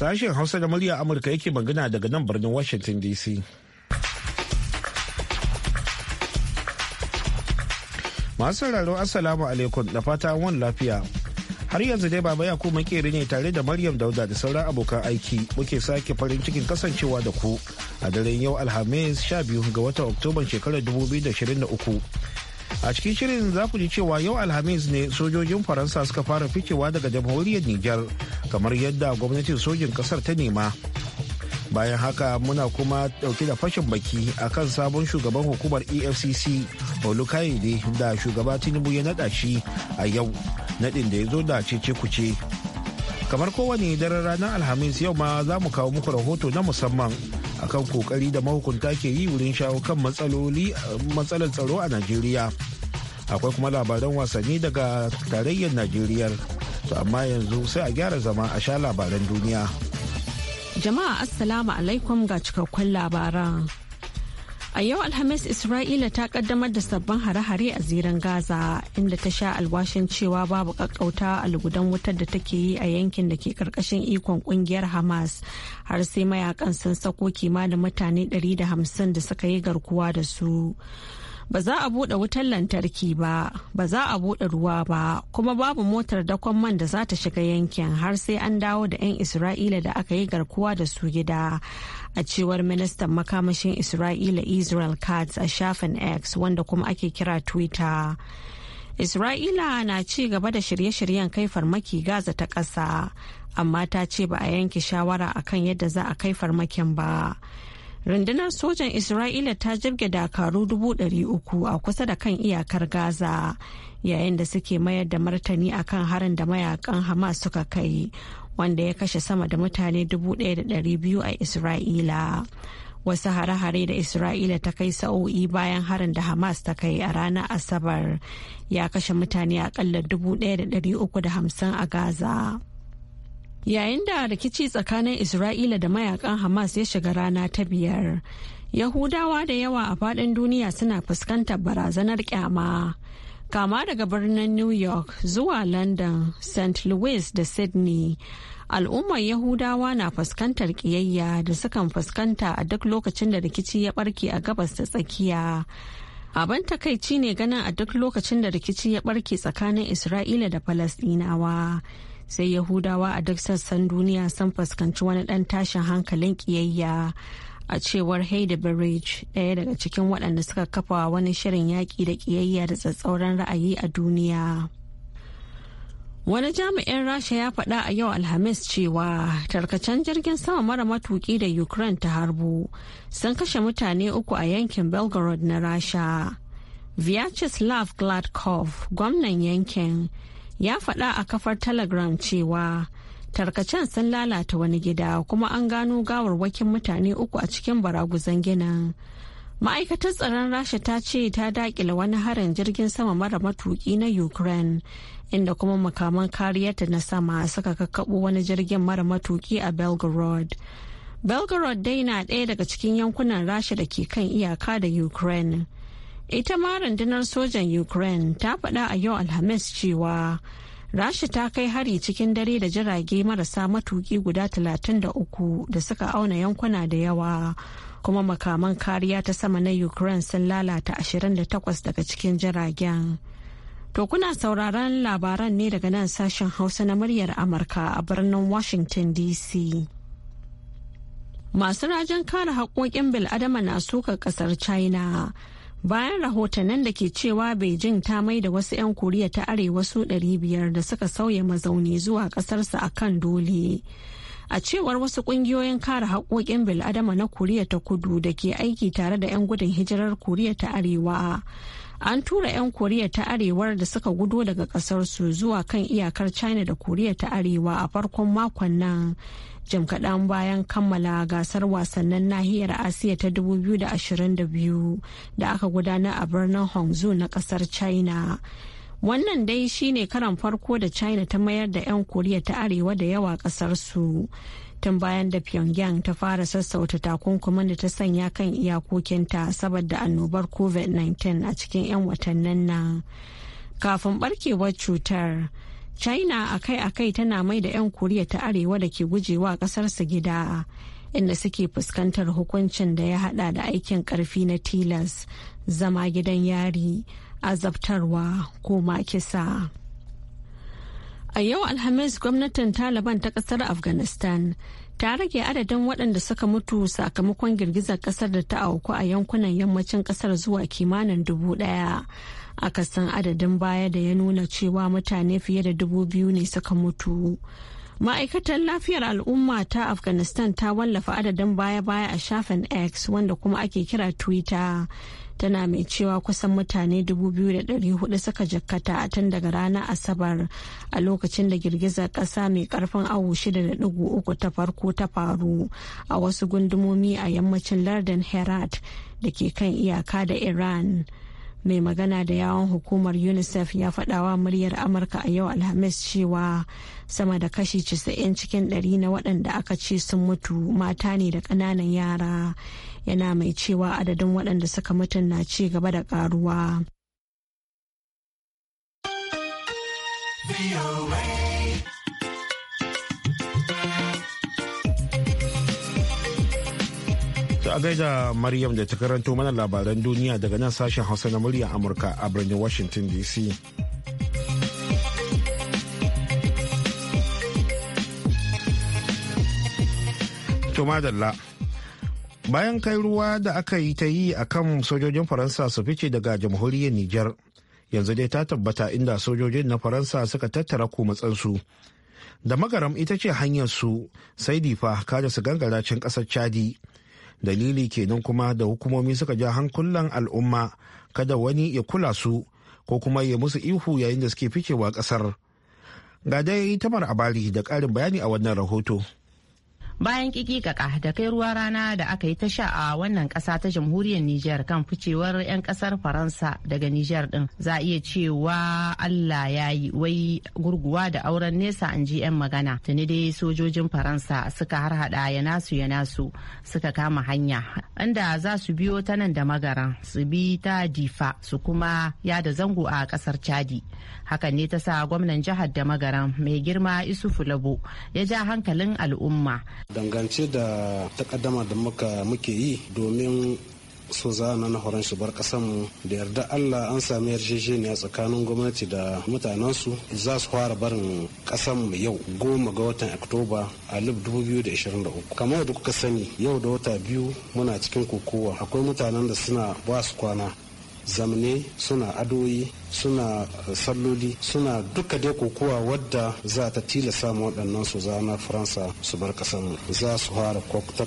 Sashen Hausa da murya Amurka yake magana daga nan birnin Washington DC. Masu sauraro Assalamu alaikum da fata wani lafiya. Har yanzu dai baba ya kuma makeri ne tare da Maryam Dauda da sauran abokan aiki muke sake farin cikin kasancewa da ku a daren yau Alhamis 12 ga watan oktoba shekarar 2023. a cikin shirin za ku ji cewa yau alhamis ne sojojin faransa suka fara ficewa daga jamhuriyar nijar kamar yadda gwamnatin sojin kasar ta nema bayan haka muna kuma dauke da fashin baki akan sabon shugaban hukumar efcc olukayede da shugaba tinubu ya nada shi a yau nadin da ya zo da cece kuce kamar kowane daren ranar alhamis yau ma za mu kawo muku rahoto na musamman akan kokari da mahukunta ke yi wurin shawo kan matsalar tsaro a najeriya akwai kuma labaran wasanni daga tarayyar najeriya to amma yanzu sai a gyara zama a sha labaran duniya jama'a assalamu alaikum ga cikakkun labaran A yau Alhamis Isra'ila ta kaddamar da sabbin hare-hare a ziran Gaza inda ta sha alwashin cewa babu a lugudan wutar da take yi a yankin da ke karkashin ikon kungiyar Hamas har sai mayakan sun sako kima da mutane 150 da suka yi garkuwa da su. ba za a buɗe wutar lantarki ba ba za a buɗe ruwa ba kuma babu motar dakon man da za ta shiga yankin har sai an dawo da 'yan isra'ila da aka yi garkuwa da su gida a cewar ministan makamashin isra'ila israel katz a shafin x wanda kuma ake kira twitter isra'ila na ci gaba da shirye-shiryen kai farmaki gaza ta ƙasa amma ta ce ba a yanke shawara akan yadda za a kai farmakin ba. rundunar sojan isra'ila ta jirge dakaru uku a kusa da kan iyakar gaza yayin da suke mayar da martani a kan harin da mayakan hamas suka kai wanda ya kashe sama da mutane 1,200 a isra'ila wasu hare-hare da isra'ila ta kai sa'o'i bayan harin da hamas ta kai a ranar asabar ya kashe mutane akalla 1,350 a gaza Yayin da rikici tsakanin Isra'ila da mayakan Hamas ya shiga rana ta biyar, Yahudawa da yawa a faɗin duniya suna fuskantar barazanar kyama. Kama daga birnin New York zuwa London, St. Louis da Sydney. al'ummar yahudawa na fuskantar kiyayya da sukan fuskanta a duk lokacin da rikici ya barke a gabas da tsakiya abin takaici ne ganin a duk lokacin da rikici ya barke tsakanin isra'ila da palestinawa. sai yahudawa a duk sassan duniya sun fuskanci wani ɗan tashin hankalin ƙiyayya a cewar Haida bridge ɗaya daga cikin waɗanda suka kafa wani shirin yaƙi da ƙiyayya da tsatsauran ra'ayi a duniya. Wani jami'in Rasha ya faɗa a yau Alhamis cewa tarkacen jirgin sama mara matuƙi da Ukraine ta harbu sun kashe mutane uku a yankin Belgorod na Rasha. Vyacheslav Gladkov, gwamnan yankin, ya faɗa a kafar telegram cewa tarkacen sun lalata wani gida kuma an gano gawarwakin mutane uku a cikin baraguzan ginin ma'aikatar tsaron rasha ta ce ta dakila wani harin jirgin sama mara matuki na ukraine inda kuma makaman kariyarta na sama suka kakkaɓo wani jirgin mara matuki a belgorod belgorod dai na ɗaya daga cikin yankunan rasha da ke kan iyaka da ukraine ita ma rundunar sojan ukraine ta faɗa a yau alhamis cewa rasha ta kai hari cikin dare da jirage marasa matuki guda 33 da suka auna yankuna da yawa kuma makaman kariya ta sama na ukraine sun lalata 28 daga cikin jiragen to kuna sauraron labaran ne daga nan sashen hausa na muryar amurka a birnin washington dc masu rajin kare haƙoƙin bil'adama na sukar ƙasar china bayan rahotannin da ke cewa beijing ta mai da wasu 'yan koriya ta arewa su 500 da suka sauya mazauni zuwa kasarsa a kan dole a cewar wasu kungiyoyin kare haƙoƙin bil'adama na koriya ta kudu da ke aiki tare da 'yan gudun hijirar koriya ta arewa an tura 'yan koriya ta arewar da suka gudo daga kasarsu zuwa kan iyakar china da koriya ta arewa a farkon makon nan jim kaɗan bayan kammala gasar wasannin nahiyar asiya ta 2022 da aka gudanar a birnin hangzhou na ƙasar china wannan dai shine karan farko da china ta mayar da 'yan koriya ta arewa da yawa su tun bayan da pyongyang ta fara sassauta takunkumin da ta sanya kan iyakokinta saboda annobar covid-19 a cikin 'yan watannin nan kafin barkewar cutar china akai-akai tana mai da 'yan koriya ta arewa da ke gujewa kasarsu gida inda suke fuskantar hukuncin da ya hada da aikin karfi na tilas zama gidan yari azabtarwa ko kisa. a yau alhamis gwamnatin taliban ta kasar afghanistan ta rage adadin waɗanda suka mutu sakamakon girgizar kasar da ta auku a yankunan yammacin kasar zuwa kimanin dubu ɗaya aka san adadin baya da ya nuna cewa mutane fiye da dubu biyu ne suka mutu ma'aikatar lafiyar al'umma ta afghanistan ta wallafa adadin baya-baya a shafin x wanda kuma ake kira twitter tana mai cewa kusan mutane 2,400 suka jakkata tun daga ranar asabar a lokacin da girgizar kasa mai karfin awu 6.3 ta farko ta faru a wasu gundumomi a yammacin lardin herat da ke kan iyaka da iran mai magana da yawon hukumar unicef ya faɗawa muryar amurka a yau alhamis cewa sama da kashi 90 cikin 100 na waɗanda aka ce sun mutu mata ne da ƙananan yara yana mai cewa adadin waɗanda suka mutu na ci gaba da ƙaruwa. a gaida Maryam da ta karanto mana labaran duniya daga nan sashen Hausa na murya Amurka a birnin Washington DC. Tumadalla. Bayan kai ruwa da aka yi ta yi a kan sojojin Faransa su fice daga jamhuriyar Nijar, yanzu dai ta tabbata inda sojojin na Faransa suka tattara su da magaram ita ce hanyar su sai difa kada su gangara cin kasar chadi dalili kenan kuma da hukumomi suka ja hankulan al'umma kada wani ya kula su ko kuma ya musu ihu yayin da suke ficewa kasar ga dai tamar abali da ƙarin bayani a wannan rahoto bayan kikikaka da kai ruwa rana da aka yi ta sha a wannan kasa ta jamhuriyar Nijar kan ficewar 'yan kasar Faransa daga Nijar din za a iya cewa Allah ya yi wai gurguwa da auren nesa an ji 'yan magana tuni dai sojojin Faransa suka harhaɗa ya nasu ya nasu suka kama hanya inda za su biyo ta nan da magaran su bi ta difa su kuma ya da zango a kasar Chadi hakan ne ta sa gwamnan jihar da magaran mai girma Isufu Labo ya ja hankalin al'umma dangance da takaddama da muka muke yi domin su za na horon shubar mu da yarda allah an sami yarjejeniya tsakanin gwamnati da mutanensu za su fara barin mu yau goma ga watan oktoba a 2023 kamar da kuka sani yau da wata biyu muna cikin kokowa akwai mutanen da suna ba su kwana zamne suna adoyi suna eh, salloli suna duka dai kokowa wadda za ta tilasa mu waɗannan su zana faransa su bar ƙasar za su fara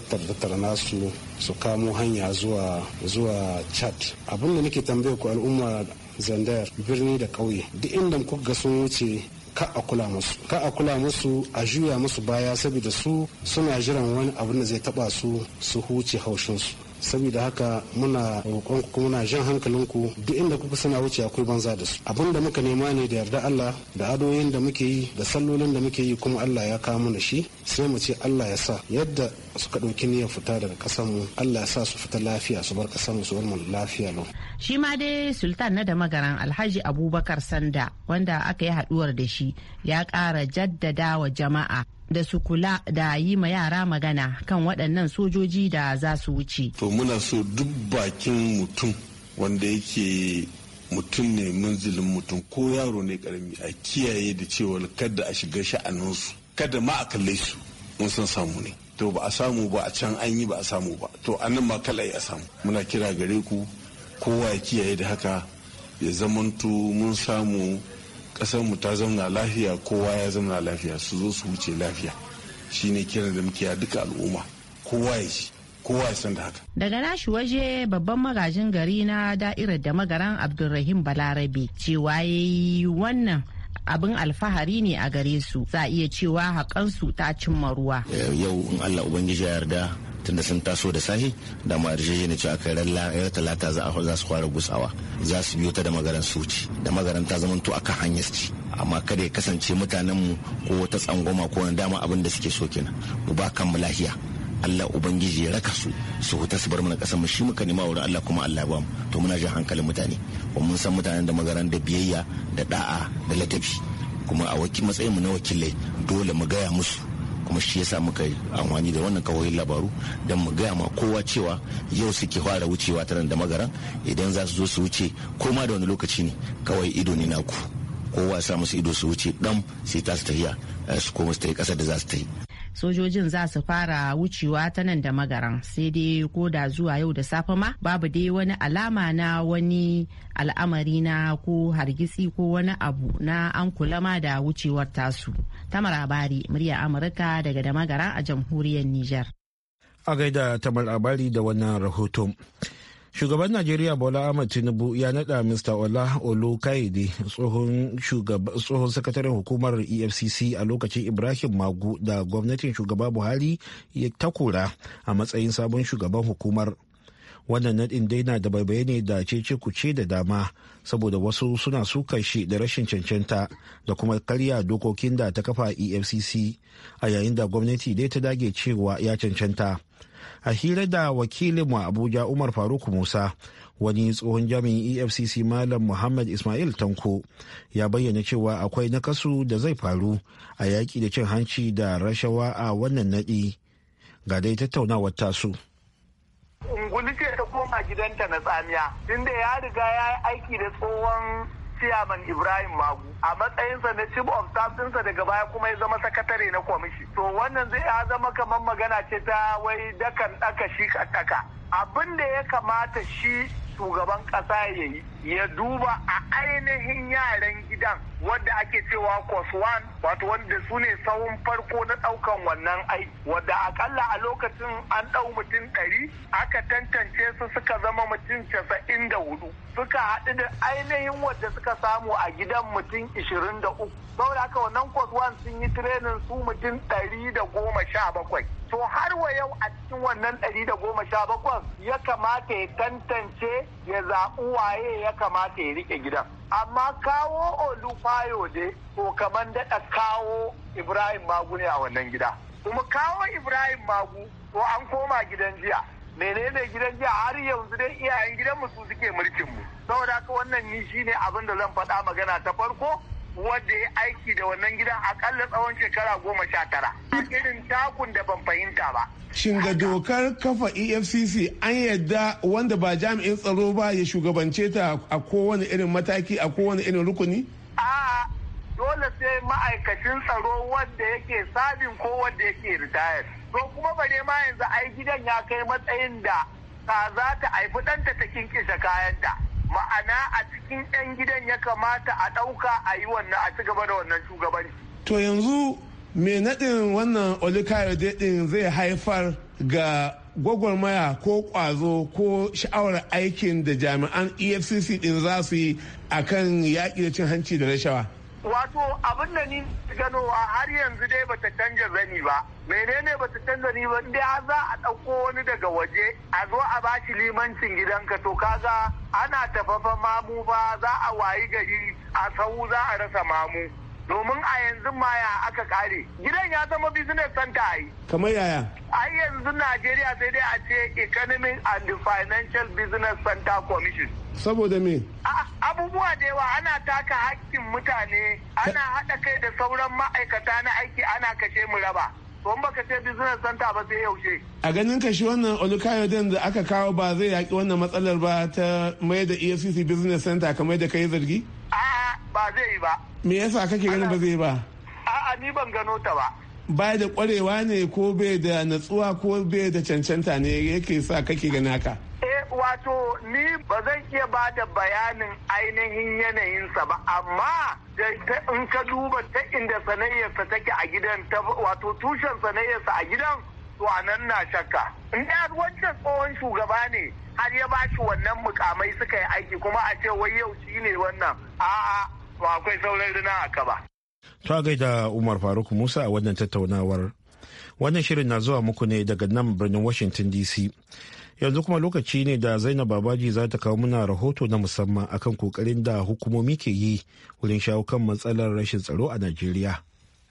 tattara nasu su kamo hanya zuwa zuwa chad da nake tambaya ku al'umma zandar birni da ƙauye duk inda ga sun wuce ka a kula musu ka a kula musu a juya musu baya saboda su suna jiran wani abin da zai taba su su huce haushinsu saboda haka muna roƙon ku muna jan hankalin ku duk inda kuka suna wuce akwai banza da su abin da muka nema ne da yarda Allah da adoyin da muke yi da sallolin da muke yi kuma Allah ya kawo mana shi sai mu ce Allah ya sa yadda suka ɗauki niyyar fita daga ƙasar mu Allah ya sa su fita lafiya su bar ƙasar mu su bar mu lafiya lau shi ma dai sultan na da magaran alhaji abubakar sanda wanda aka yi haɗuwar da shi ya ƙara jaddada wa jama'a da su kula da yi ma yara magana kan waɗannan sojoji da za su wuce. To muna so duk bakin mutum wanda yake mutum ne manzilin mutum ko yaro ne karami a kiyaye da cewa kada a shiga sha'aninsu kada ma a kalle su mun san samu ne to ba a samu ba a can an yi ba a samu ba to a nan ma kala a samu muna kira gare ku kowa ya kiyaye da haka ya zamanto mun samu mu ta zauna lafiya kowa ya zauna lafiya su zo su wuce lafiya shine kiran da muke a duka al'umma kowa ya shi kowa ya san da haka. Daga nashi waje babban magajin gari na da'irar da magaran Abdulrahim Balarabe cewa ya yi wannan abin alfahari ne a gare su za a iya cewa haƙansu ta cimma ruwa. Eh, yau in Allah Ubangiji ya yarda tunda sun taso da sahi da mu arjeje ne cewa kai ran talata za su fara gusawa za su biyo ta da magaran suci da magaran ta zamanto akan hanyar ci amma kada ya kasance mutanenmu ko wata tsangwama ko wani dama abin da suke so kenan mu ba kanmu lahiya Allah Ubangiji ya raka su su huta su bar mana kasar mu shi muka nema wurin Allah kuma Allah ba mu to muna jin hankalin mutane ko mun san mutanen da magaran da biyayya da da'a da ladabi kuma a matsayin mu na wakilai dole mu gaya musu kuma shi yasa muka amfani da wannan kawoyin labaru don mu gaya ma kowa cewa yau suke fara wucewa ta da magaran idan za su zo su wuce ko ma da wani lokaci ne kawai ido ne naku kowa ya sa musu ido su wuce dam sai ta su tafiya eh, su koma su tafi kasar da za su tafi sojojin za su fara wucewa ta nan da magaran sai dai ko da zuwa yau da safe ma babu dai wani alama na wani al'amari na ko hargitsi ko wani abu na an kula ma da wucewar tasu tamar abari murya amurka daga da magaran a jamhuriyar niger a gaida tamar abari da wannan rahoton shugaban najeriya bola ahmed tinubu ya nada mr ola olukaide tsohon sakataren hukumar efcc a lokacin ibrahim magu da gwamnatin shugaba buhari ta kura a matsayin sabon shugaban hukumar wannan nadin dai na da baibaye ne da cece kuce da dama saboda wasu suna suka shi da rashin cancanta da kuma karya dokokin da ta kafa efcc a yayin da gwamnati dai ta dage cewa ya cancanta a hira da wakilin a abuja umar faruk musa wani tsohon jami'in efcc malam muhammad ismail tanko ya bayyana cewa akwai nakasu da zai faru a yaƙi da cin hanci da rashawa a wannan naɗi ga dai tattaunawar tasu unguli ce ta koma gidanta na tsamiya inda ya riga ya yi aiki da tsohon ciyaman ibrahim magu a matsayinsa na chief of staff ɗinsa daga baya kuma ya zama sakatare na kwamishi to wannan zai ya zama kamar magana ce ta wai dakan ɗaka shi ka ɗaka abin da ya kamata shi shugaban ƙasa ya yi ya duba a ainihin yaran gidan wadda ake cewa cos1 wato wanda su ne sahun farko na daukan wannan aiki wadda akalla a lokacin an dau mutum ɗari aka tantance su suka zama mutum casa'in da hudu suka haɗu da ainihin wadda suka samu a gidan mutum ishirin da uku saboda haka wannan cos1 sun yi tirenin su mutum ɗari da goma sha bakwai to har wa yau a cikin wannan ɗari da goma sha bakwai ya kamata ya tantance ya zaɓi waye ya kamata ya rike gidan amma kawo olufayo dai ko kamar daɗa kawo ibrahim magu ne a wannan gida kuma kawo ibrahim magu ko an koma gidan jiya menene gidan jiya har yanzu dai iyayen gidanmu su suke mulkinmu saboda haka wannan ni shine abin da zan faɗa magana ta farko wanda ya aiki da wannan gidan akalla tsawon shekara goma sha tara irin takun da ban fahimta ba shin ga dokar kafa efcc an yadda wanda ba jami'in tsaro ba ya shugabance ta a kowane irin mataki a kowane irin rukuni a dole sai ma'aikacin tsaro wanda yake sabin ko wanda yake ritayar to kuma bare ma yanzu ai gidan ya kai matsayin da ka za ta haifi ɗanta ta kinkisa kayanta ma'ana a cikin 'yan gidan ya kamata a ɗauka a yi wannan a ci gaba da wannan shugabanci. To yanzu me naɗin wannan olikayar daɗin zai haifar ga gwagwarmaya ko ƙwazo ko sha'awar aikin da jami'an efcc ɗin za su yi a kan yaƙi da cin hanci da rashawa? wato abin da ni ganowa har yanzu dai bata canja zani ba menene bata canza ni ba dai har za a ɗauko wani daga waje a zo a bashi limancin gidanka to kaga ana tafafa mamu ba za a wayi gari a sau za a rasa mamu domin a yanzu ma aka kare gidan ya zama business center ai kamar yaya ai yanzu Najeriya sai dai a ce economic and financial business center commission saboda me abubuwa da yawa ana taka hakkin mutane ana haɗa kai da sauran ma'aikata na aiki ana kashe mu raba don baka ce business center ba sai yaushe. A ganin ka shi wannan din da aka kawo ba zai yaki wannan matsalar ba ta mai da EFCC business center kamar da ka yi zargi? ba zai yi ba me yasa kake ganin ba zai ba a'a ni ban gano ta ba bai da kwarewa ne ko bai da natsuwa ko bai da cancanta ne yake sa kake gani haka eh wato ni ba zan iya ba da bayanin ainihin yanayinsa ba amma in ka duba ta inda sanayyarsa take a gidan ta wato tushen sanayyarsa a gidan to anan na shakka in da wancan tsohon shugaba ne har ya bashi wannan mukamai suka yi aiki kuma a ce wai yau shi ne wannan a'a to akwai sauran rina a kaba. ta gaida Umar Faruk Musa a wannan tattaunawar. Wannan shirin na zuwa muku ne daga nan birnin Washington DC. Yanzu kuma lokaci ne da Zainab Babaji za ta kawo muna rahoto na musamman akan kokarin da hukumomi ke yi wurin shawo kan matsalar rashin tsaro a Najeriya.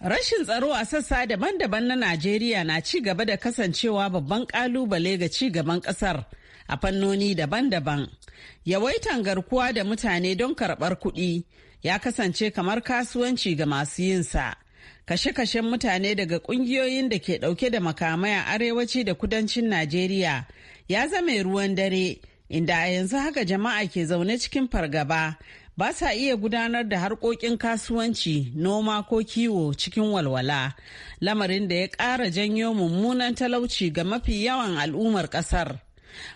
Rashin tsaro a sassa daban-daban na Najeriya na ci gaba da kasancewa babban kalubale ga ci gaban kasar. a fannoni daban-daban. Yawaitan garkuwa da mutane don karɓar kuɗi ya kasance kamar kasuwanci ga masu yinsa. Kashe-kashen mutane daga ƙungiyoyin da ke ɗauke da makamai a arewaci da kudancin Najeriya ya zama ruwan dare, inda a yanzu haka jama'a ke zaune cikin fargaba. ba sa iya gudanar da harkokin kasuwanci noma ko kiwo cikin walwala lamarin da ya ƙara janyo mummunan talauci ga mafi yawan al'ummar ƙasar.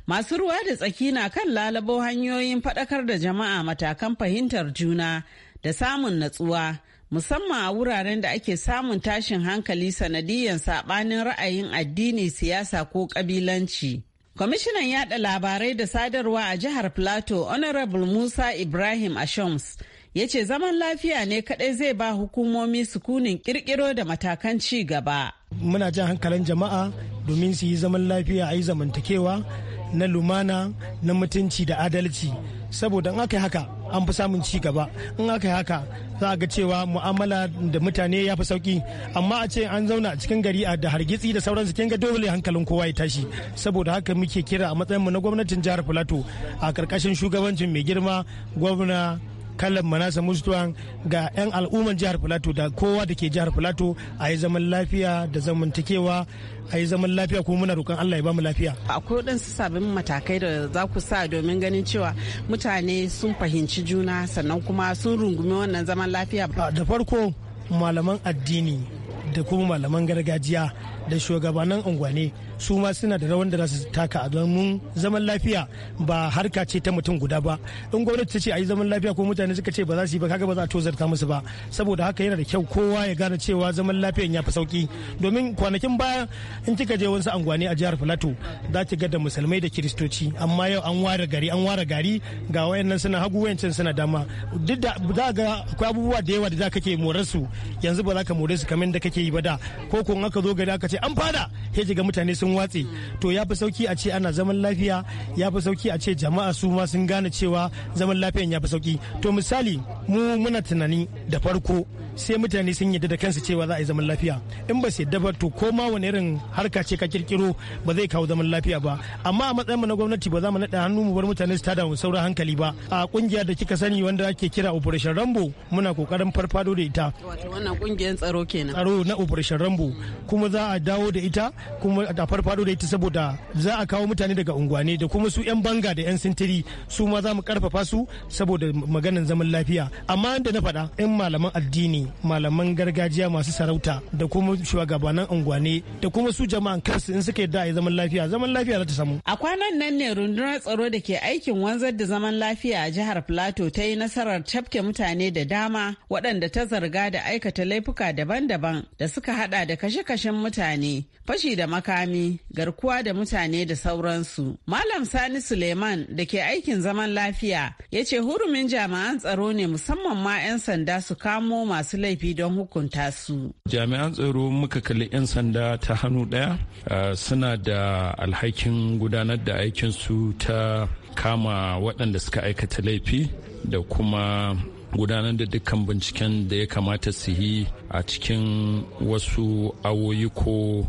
Masu ruwa da tsaki na kan lalabo hanyoyin faɗakar da jama'a matakan fahimtar juna da samun natsuwa, musamman a wuraren da ake samun tashin hankali sanadiyyan saɓanin ra'ayin addini, siyasa ko ƙabilanci. Kwamishinan yada labarai da sadarwa a jihar Plateau, Honorable Musa Ibrahim Ashoms ya ce zaman lafiya ne kaɗai zai ba hukumomi sukunin ƙirƙiro da matakan ci gaba. muna jan hankalin jama'a domin su yi zaman lafiya a yi zamantakewa na lumana na mutunci da adalci saboda in aka yi haka an fi samun ci gaba in aka yi haka za a ga cewa mu'amala da mutane ya fi sauki amma a ce an zauna a cikin gari a da hargitsi da sauransu kin ga dole hankalin kowa ya tashi saboda haka muke kira a mu na gwamnatin jihar filato a karkashin shugabancin mai girma gwamna kallon manasa mustuwan ga 'yan al'umman jihar filato da kowa da ke jihar filato a yi zaman lafiya da zamantakewa a yi zaman lafiya kuma muna roƙon allah ya ba mu lafiya akwai waɗansu sabbin matakai da za ku sa domin ganin cewa mutane sun fahimci juna sannan kuma sun rungumi wannan zaman lafiya da farko malaman addini da kuma malaman gargajiya da shugabannin unguwanni su ma suna da rawan da za su taka a domin zaman lafiya ba harka ce ta mutum guda ba in gwamnati ta ce a yi zaman lafiya ko mutane suka ce ba za su yi ba kaga ba za a tozarta musu ba saboda haka yana da kyau kowa ya gane cewa zaman lafiyan ya fi sauki domin kwanakin baya in kika je wasu angwani a jihar filato za ki ga da musulmai da kiristoci amma yau an ware gari an ware gari ga wayannan suna hagu wayancin suna dama duk da za ga akwai abubuwa da yawa da za kake more su yanzu ba za ka more su kamar da kake yi ba da ko kun aka zo gari aka ce an fada sai ga mutane su. sun watse to ya fi sauki a ce ana zaman lafiya ya fi sauki a ce jama'a su ma sun gane cewa zaman lafiyan ya fi sauki to misali mu muna tunani da farko sai mutane sun yadda da kansu cewa za a yi zaman lafiya in ba su yadda ba to ko wani irin harka ce ka kirkiro ba zai kawo zaman lafiya ba amma a matsayin mu na gwamnati ba za mu naɗa hannu mu bar mutane su tada mu saura hankali ba a kungiya da kika sani wanda ake kira operation rambo muna kokarin farfado da ita wato wannan kungiyar tsaro kenan tsaro na operation rambo kuma za a dawo da ita kuma a farfado da ita saboda za a kawo mutane daga unguwane da kuma su 'yan banga da 'yan sintiri su ma za mu karfafa su saboda maganan zaman lafiya amma da na faɗa 'yan malaman addini malaman gargajiya masu sarauta da kuma shugabannin unguwane da kuma su jama'an kansu in suka yadda a zaman lafiya zaman lafiya za ta samu. a kwanan nan ne rundunar tsaro da ke aikin wanzar da zaman lafiya a jihar plateau ta yi nasarar tafke mutane da dama waɗanda ta zarga da aikata laifuka daban-daban da suka hada da kashe-kashen mutane fashi da makami garkuwa da mutane da sauransu malam sani suleiman da ke aikin zaman lafiya ya ce hurumin jami'an tsaro ne musamman ma 'yan sanda su kamo masu laifi don hukunta su jami'an tsaro muka kalli 'yan sanda ta hannu ɗaya suna da alhakin gudanar da aikinsu ta kama waɗanda suka aikata laifi da kuma gudanar da dukkan binciken da ya kamata su yi a cikin wasu awoyi ko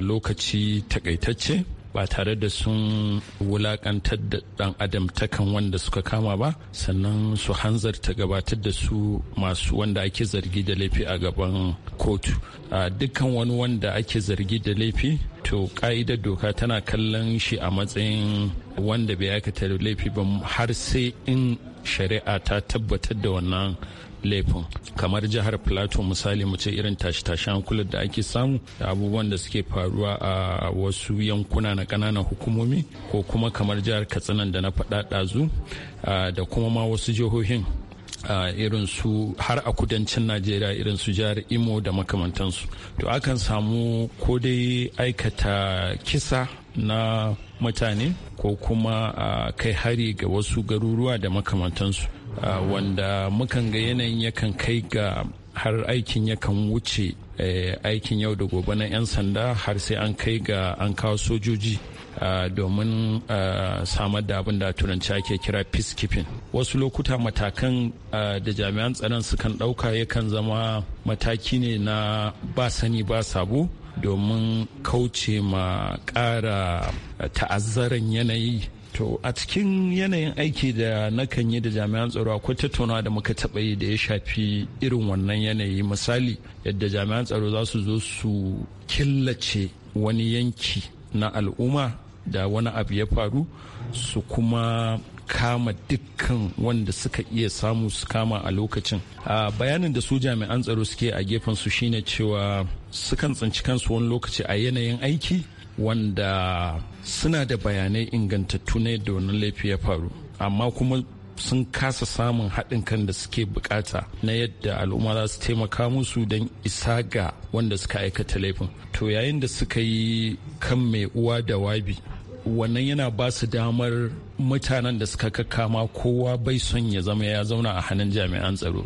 lokaci takaitacce ba tare da sun wulakantar da dan adam takan wanda suka kama ba sannan su hanzarta gabatar da su masu wanda ake zargi da laifi a gaban kotu dukkan wani wanda ake zargi da laifi to ka'idar doka tana kallon shi a matsayin wanda bai aikata laifi ba har sai in shari'a ta tabbatar da wannan laifin kamar jihar plateau misali mu ce irin tashi tashi hankulan da ake samu da abubuwan da suke faruwa a wasu yankuna na kananan hukumomi ko kuma kamar jihar katsinan da na faɗa ɗazu da kuma ma wasu jihohin Uh, irin su har a kudancin najeriya irin su jihar imo da makamantansu to akan samu ko dai aikata kisa na mutane ko kuma a kai hari ga wasu garuruwa da makamantansu wanda mukan ga yanayin yakan kai ga har aikin yakan wuce eh, aikin yau da gobe na 'yan sanda har sai an kai ga an kawo sojoji domin samar da abin da turanci ake kira peacekeeping wasu lokuta matakan da jami'an tsaron sukan ɗauka yakan zama mataki ne na ba sani ba sabo domin kauce ma ƙara ta'azzaran yanayi To a cikin yanayin aiki da nakan yi da jami'an tsaro akwai tattaunawa da muka taɓa yi da ya shafi irin wannan yanayi misali yadda jami'an tsaro za su zo su killace wani yanki na al'umma da wani abu ya faru su kuma kama dukkan wanda suka iya samu su kama a lokacin. A bayanin da su jami'an tsaro suke a gefen su shine cewa sukan tsinci kansu wani lokaci a yanayin aiki wanda suna da bayanai ingantattu na da wani laifi ya faru amma kuma sun kasa samun haɗin kan da suke bukata na yadda al'umma za su taimaka musu don isa ga wanda suka aikata laifin to yayin da suka yi kan mai uwa da wabi wannan yana ba su damar mutanen da suka kakkama kowa bai son ya zama ya zauna a hannun jami'an tsaro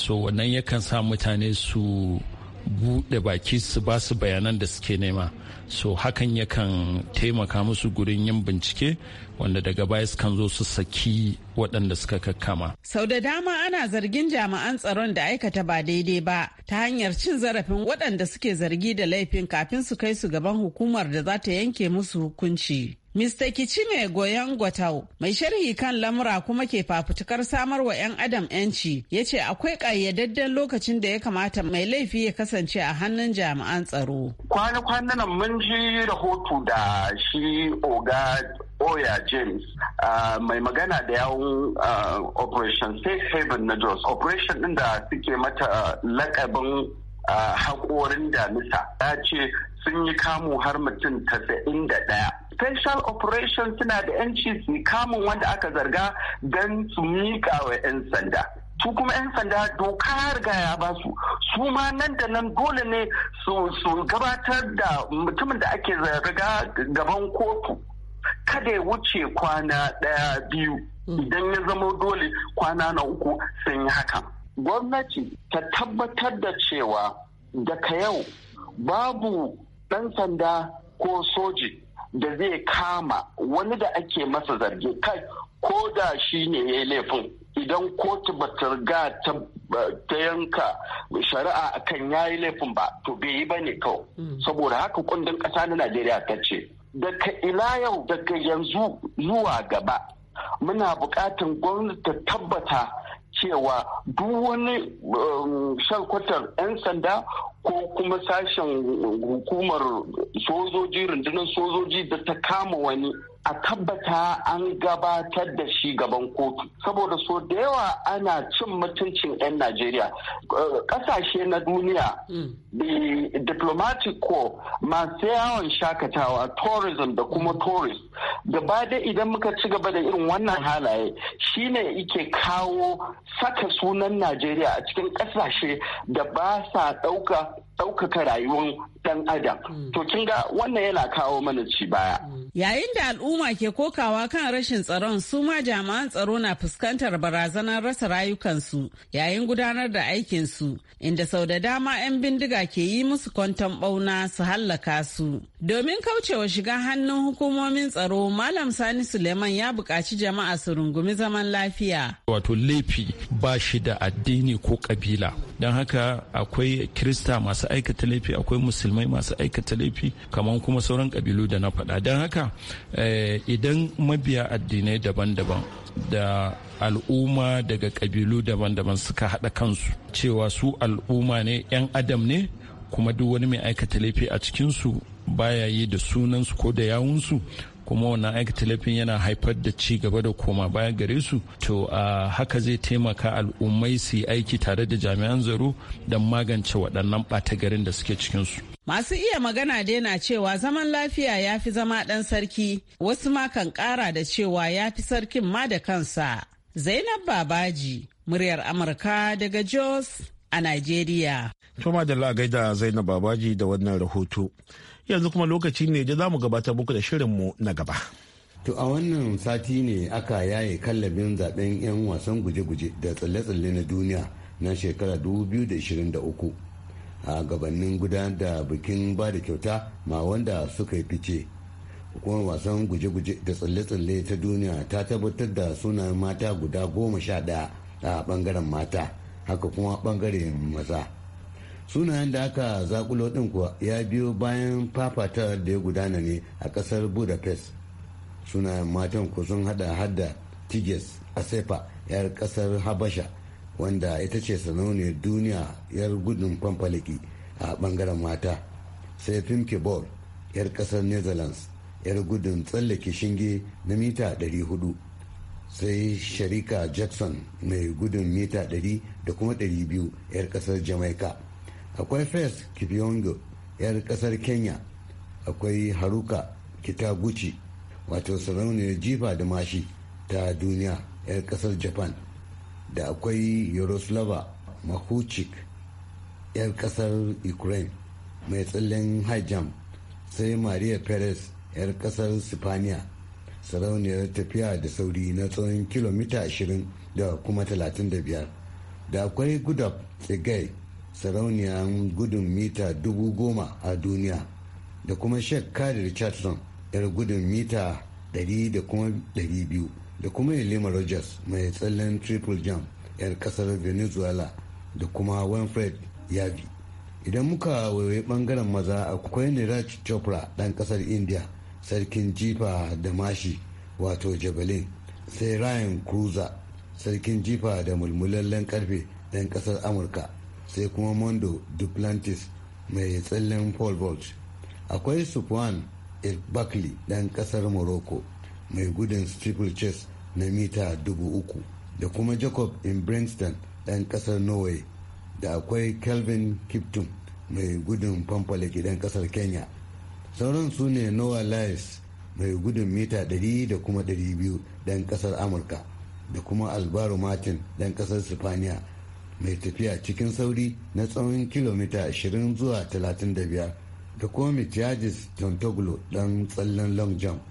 so wannan yakan sa mutane su buɗe baki su ba su bayanan da suke nema so hakan yakan taimaka musu gurin yin bincike wanda daga baya sukan zo su saki waɗanda suka kakkama. sau da dama ana zargin jami'an tsaron da aikata ba daidai ba ta hanyar cin zarafin waɗanda suke zargi da laifin kafin su kai su gaban hukumar da za ta yanke musu hukunci Mr. Kichime Goyon Gwatau, mai sharhi kan lamura kuma ke fafutukar samar wa 'yan adam 'yanci, ya ce akwai ƙayyadadden lokacin da ya kamata mai laifi ya kasance a hannun jami'an tsaro. Kwana-kwanan nan mun ji rahoto da shi Oga Oya James, uh, mai magana da yawun uh, Operation Safe Haven na Jos, Operation ɗin da suke mata lakabin uh, haƙorin damisa, ya ce sun yi kamu har mutum 91. special operation suna da yanci su kamun wanda aka zarga don su miƙa wa 'yan sanda su kuma 'yan sanda doka ya riga ya ba su su ma nan da nan dole ne su gabatar da mutumin da ake zarga gaban kotu kada ya wuce kwana ɗaya biyu idan ya zama dole kwana na uku sun yi hakan gwamnati ta tabbatar da cewa daga yau babu ɗan sanda ko soji da zai kama wani da ake masa zargi kai ko da shi ne ya laifin idan kotu ba ta riga ta yanka shari'a akan ya yi laifin ba to bai yi ba ne kawai hmm. saboda haka kundin ƙasa na najeriya ta ce daga ila yau daga yanzu zuwa gaba muna bukatan gwamnati ta tabbata cewa duk wani um, shalkwatar 'yan sanda ko kuma sashen hukumar sojoji rundunar sojoji da ta kama wani a tabbata an gabatar da shi gaban kotu saboda so da yawa ana cin mutuncin 'yan najeriya eh, ƙasashe na duniya hmm. diplomatic ko masu yawon shakatawa tourism da kuma tourist gaba da idan muka ci gaba da irin wannan halaye shine ike kawo saka sunan najeriya a cikin ƙasashe da ba sa ɗaukaka rayuwar ɗan adam hmm. to kin ga wannan yana kawo mana ci baya. Hmm. Yayin da al'umma ke kokawa kan rashin tsaron su ma jami'an tsaro na fuskantar barazanar rasa rayukansu yayin gudanar da aikinsu inda sau da dama 'yan bindiga ke yi musu kwanton bauna su hallaka su. Domin kaucewa shiga hannun hukumomin tsaro Malam Sani Suleiman ya buƙaci jama'a su rungumi zaman lafiya. Wato laifi ba shi da addini ko ƙabila don haka akwai krista masu aikata laifi akwai musulmai masu aikata laifi kamar kuma sauran kabilu da na faɗa don haka eh, idan mabiya addinai daban-daban da al'umma daga kabilu daban-daban suka haɗa kansu cewa su al'umma ne 'yan adam ne kuma duk wani mai aikata laifi a cikinsu baya yi da sunansu ko da yawunsu kuma wannan aiki talafin yana haifar da ci gaba da koma bayan gare su to a haka zai taimaka al'ummai su yi aiki tare da jami'an zaro don magance waɗannan ɓata garin da suke cikin su Masu iya magana dai na cewa zaman lafiya ya fi zama ɗan sarki, wasu ma kan ƙara da cewa ya fi sarkin ma da kansa. Zainab Babaji, muryar Amurka daga Jos a Najeriya. Toma da gaida Zainab Babaji da wannan rahoto. Yanzu kuma lokaci ne da zamu gabatar muku da shirinmu na gaba. To a wannan sati ne aka yaye kallabin zaben 'yan wasan guje-guje da tsalle-tsalle na duniya na shekara 2023 a gabanin guda da bikin ba da kyauta ma wanda suka yi fice. Hukumar wasan guje-guje da tsalle-tsalle ta duniya ta tabbatar da sunan mata guda goma sha ɗaya a ɓangaren mata. haka kuma bangaren maza sunayen da aka zakulo din kuwa ya biyo bayan fafata da ya gudana ne a kasar budapest sunayen matan ku sun hada hadda tigis asefa yar kasar habasha wanda ita ce sanauniyar duniya yar gudun fanfaliki a bangaren mata sai fimke ball yar kasar netherlands yar gudun tsallake shinge na mita 400 sai sharika jackson mai gudun mita 100 da kuma 200 'yar kasar jamaica akwai fes kipiongo 'yar kasar kenya akwai haruka kitaguchi wato sarauniyar jifa da mashi ta duniya 'yar kasar japan da akwai yaroslava makuchik 'yar kasar ukraine mai tsallen hajjam sai maria perez 'yar kasar sipaniya sarauniyar tafiya da sauri na tsawon kilomita 20 da kuma 35 da akwai gudab tsigai sarauniyar gudun mita dubu goma a duniya da kuma shek kadir richardson yar gudun mita 100 da kuma 200 da kuma elima rogers mai tsallen triple jam yar kasar venezuela da kuma winfred yavi idan muka waiwai bangaren maza akwai niraj chopra dan kasar india sarkin jifa da mashi wato jabalin sai ryan cruiser sarkin jifa da mulmulallen karfe ɗan ƙasar amurka sai kuma mondo duplantis mai tsallin pole vault akwai sufwan bakli dan ƙasar morocco mai gudun steeple chase na mita dubu uku da kuma jacob in brinston ɗan ƙasar norway da akwai kelvin kiptum mai gudun fanfale gidan ƙasar kenya sauran su ne noah lyles mai gudun mita 100 da kuma 200 dan ƙasar amurka da kuma albaro martin dan ƙasar sifaniya mai tafiya cikin sauri na tsawon kilomita 20 zuwa 35 da kuma mitiagis tontoglo dan tsallen long jump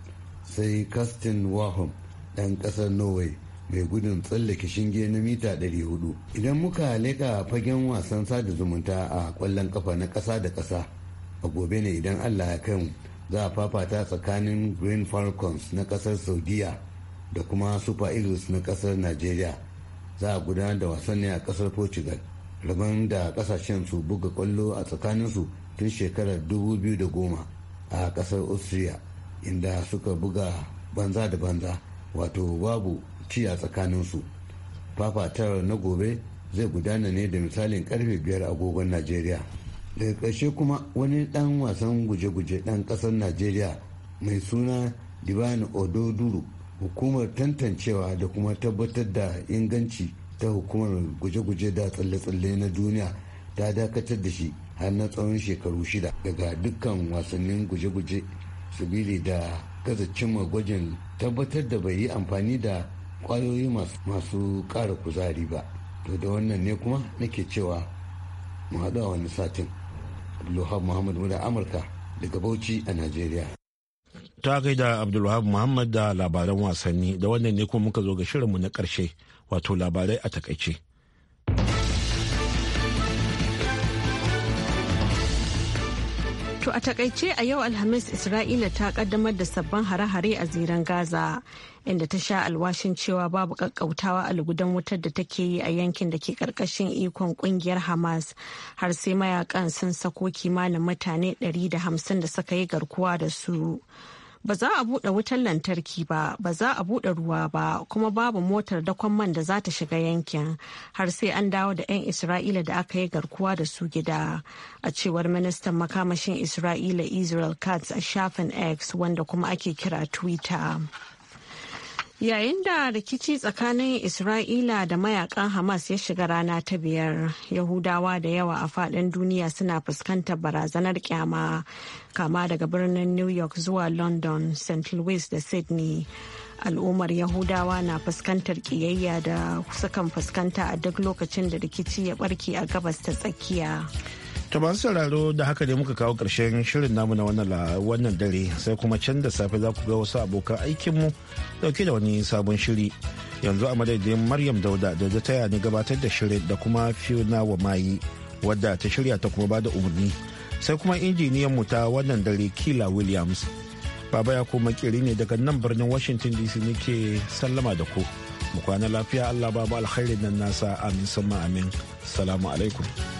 sai Kastin Wahom ɗan ƙasar Norway mai gudun tsallake shinge na mita 400. Idan muka leka fagen wasan sada zumunta a ƙwallon kafa na ƙasa da ƙasa, a gobe ne idan allah ya kai za a fafata tsakanin green falcons na kasar saudiya da kuma super eagles na kasar nigeria za a gudanar da wasanni a kasar portugal rabon da kasashen su buga kwallo a tsakaninsu tun shekarar 2010 a kasar austria inda suka buga banza da banza wato babu ci a tsakanin su fafatar na gobe zai gudana ne da misalin karfe biyar agogon nigeria. daga ƙarshe kuma wani ɗan wasan guje-guje dan ƙasar najeriya mai suna divine ododuru hukumar tantancewa da kuma tabbatar da inganci ta hukumar guje-guje da tsalle-tsalle na duniya ta dakatar da shi har na tsawon shekaru shida daga dukkan wasannin guje-guje sabili da gaza cimma gwajin tabbatar da bai yi amfani da kwayoyi masu ƙara kuzari ba to da wannan ne kuma nake cewa mu haɗa wani satin Abdulwahab Muhammad muna Amurka daga Bauchi a Najeriya. Ta gaida Abdulwahab Muhammad da labaran wasanni da wannan ne kuma muka zo ga shirinmu na ƙarshe wato labarai a takaice. To a takaice a yau Alhamis Isra'ila ta kaddamar da sabbin hare-hare a ziran Gaza inda ta sha alwashin cewa babu kakkautawa a lugudan wutar da take yi a yankin da ke karkashin ikon kungiyar Hamas har sai mayakan sun sako kimanin mutane 150 da suka yi garkuwa da su. ba za a buɗe wutar lantarki ba ba za a buɗe ruwa ba kuma babu motar dakon man da za ta shiga yankin har sai an dawo da 'yan isra'ila da aka yi garkuwa da su gida a cewar ministan makamashin isra'ila israel katz a shafin x wanda kuma ake kira twitter Yayin da rikici tsakanin Isra'ila da mayakan Hamas ya shiga rana ta biyar, Yahudawa da yawa a faɗin duniya suna fuskantar barazanar kyama kama daga birnin New York zuwa London, St. Louis da Sydney. Al'ummar Yahudawa na fuskantar kiyayya da sukan fuskanta a duk lokacin da rikici ya barke a gabas ta tsakiya. ta masu sauraro da haka ne muka kawo ƙarshen shirin namu na wannan dare sai kuma can da safe za ku ga wasu abokan aikinmu dauke da wani sabon shiri. Yanzu a madadin Maryam Dauda da ta taya gabatar da shirin da kuma Fiona wa mayi wadda ta shirya ta kuma bada umarni. Sai kuma injiniyan mu ta wannan dare Kila Williams. Baba ya kuma kiri ne daga nan birnin Washington DC nake sallama da ku. Mu kwana lafiya Allah babu alkhairin nan nasa amin sama amin. Salamu alaikum.